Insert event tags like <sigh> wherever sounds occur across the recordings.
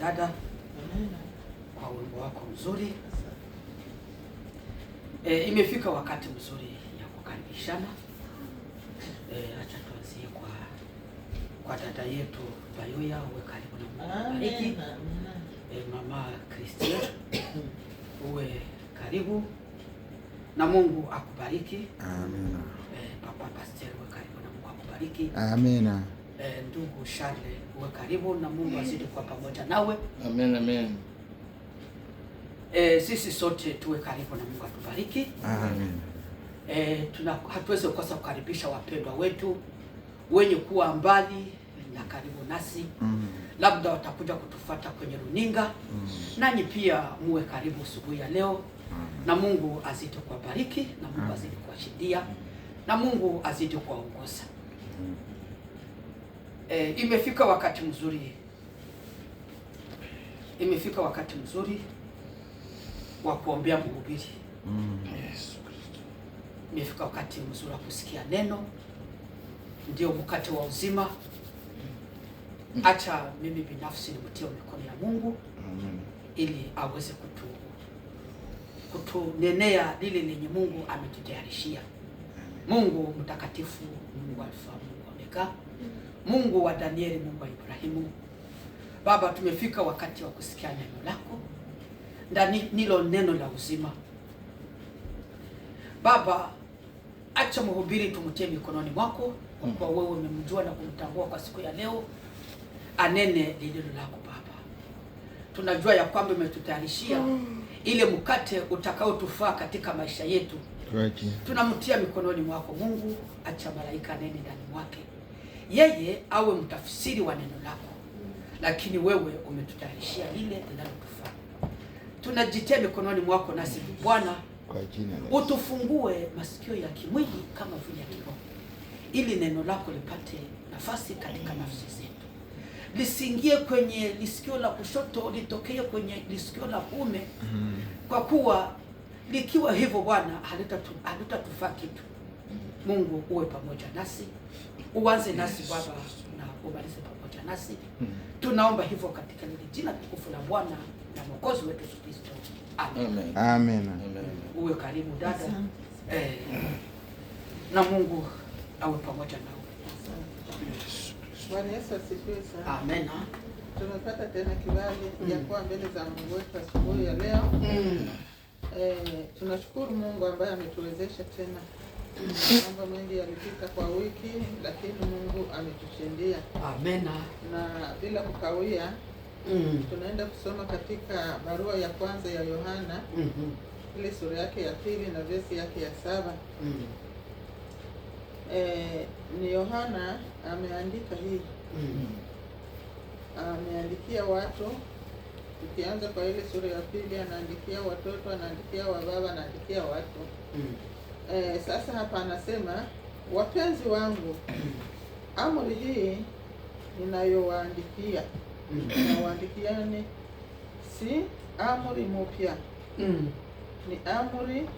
dada, kwa wimbo wako mzuri. E, imefika wakati mzuri ya kukaribishana. E, acha tuanzie kwa kwa dada yetu Bayoya, uwe karibu na bariki. E, mama Christian uwe karibu na Mungu akubariki. Amina. E, papa Pastor uwe karibu na Mungu akubariki. Amina. Eh, ndugu Shale, uwe karibu na Mungu azidi kuwa pamoja nawe. Amen, amen. E, sisi sote tuwe karibu na Mungu atubariki. Amen. E, tuna hatuwezi kukosa kukaribisha wapendwa wetu wenye kuwa mbali na karibu nasi mm -hmm. Labda watakuja kutufata kwenye runinga mm -hmm. Nanyi pia muwe karibu asubuhi ya leo mm -hmm. Na Mungu azidi kuwabariki na Mungu azidi kuwashindia mm -hmm. Na Mungu azidi kuwaongoza mm -hmm e, imefika wakati mzuri, imefika wakati mzuri wa kuombea mhubiri mm. Imefika wakati mzuri wa kusikia neno, ndio mkate wa uzima. Acha mimi binafsi nimtie mikono ya Mungu mm. ili aweze kutu kutunenea lile lenye Mungu ametutayarishia. Mungu mtakatifu, Mungu alfa, Mungu omega Mungu wa Danieli, Mungu wa Ibrahimu. Baba, tumefika wakati wa kusikia neno lako ndani nilo neno la uzima. Baba, acha mhubiri tumtie mikononi mwako, kwa kuwa wewe umemjua na kumtambua kwa siku ya leo, anene lililo lako Baba. Tunajua ya kwamba umetutayarishia ile mkate utakaotufaa katika maisha yetu, tunamtia mikononi mwako Mungu, acha malaika anene ndani mwake yeye awe mtafsiri wa neno lako, lakini wewe umetutayarishia lile linalotufaa. Tunajitia mikononi mwako, nasi Bwana utufungue masikio ya kimwili kama vile ya kiroho, ili neno lako lipate nafasi katika nafsi zetu, lisiingie kwenye lisikio la kushoto, litokee kwenye lisikio la kuume, mm-hmm. kwa kuwa likiwa hivyo Bwana halitatufaa kitu. Mm-hmm. Mungu uwe pamoja nasi uanze nasi Baba na umalize pamoja nasi. Hmm. Tunaomba hivyo katika lile jina tukufu la Bwana na Mwokozi wetu Yesu Kristo. Amen. Amen. Amen. Uwe karibu dada. Eh, na Mungu awe pamoja nawe. Bwana Yesu asifiwe sana. Amen. Tunapata tena kibali mm. ya hmm. kuwa mbele za Mungu wetu asubuhi ya leo mm. Eh, tunashukuru Mungu ambaye ametuwezesha tena Mambo mengi yalipita kwa wiki, lakini Mungu ametushindia. Amena. Na bila kukawia mm. tunaenda kusoma katika barua ya kwanza ya Yohana mm -hmm. ile sura yake ya pili na vesi yake ya saba mm. E, ni Yohana ameandika hii mm -hmm. ameandikia watu ukianza kwa ile sura ya pili, anaandikia watoto, anaandikia wababa, anaandikia watu mm. E, sasa hapa anasema wapenzi wangu, <clears throat> amri hii ninayowaandikia mm. nawaandikiani si amri mpya mm. Ni amri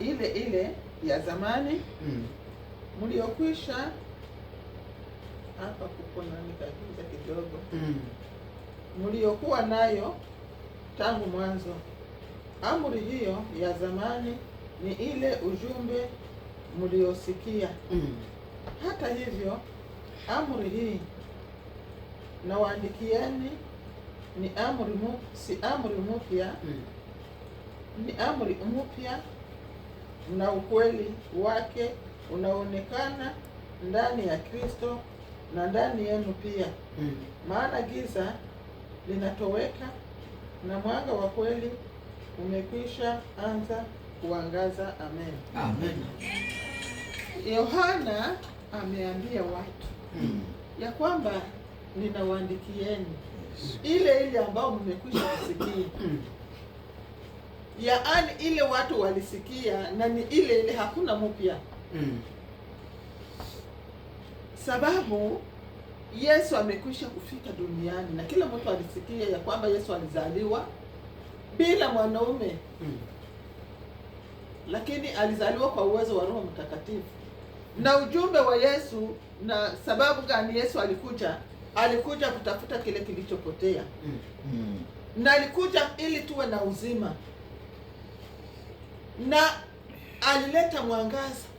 ile ile ya zamani mm. mliokwisha Hapa kuko nikajuza kidogo mliokuwa nayo tangu mwanzo Amri hiyo ya zamani ni ile ujumbe mliosikia. Mm. Hata hivyo, amri hii nawaandikieni ni amri mu, si amri mpya. Mm. Ni amri mpya na ukweli wake unaonekana ndani ya Kristo na ndani yenu pia. Mm. Maana giza linatoweka na mwanga wa kweli umekwisha anza kuangaza. Amen, amen. Yohana ameambia watu hmm. ya kwamba ninawaandikieni ile ile ambayo mmekwisha kusikia hmm. yaani ile watu walisikia na ni ile ile, hakuna mpya hmm. Sababu Yesu amekwisha kufika duniani na kila mtu alisikia ya kwamba Yesu alizaliwa bila mwanaume hmm. Lakini alizaliwa kwa uwezo wa Roho Mtakatifu na ujumbe wa Yesu. Na sababu gani Yesu alikuja? Alikuja kutafuta kile kilichopotea hmm. Hmm. Na alikuja ili tuwe na uzima, na alileta mwangaza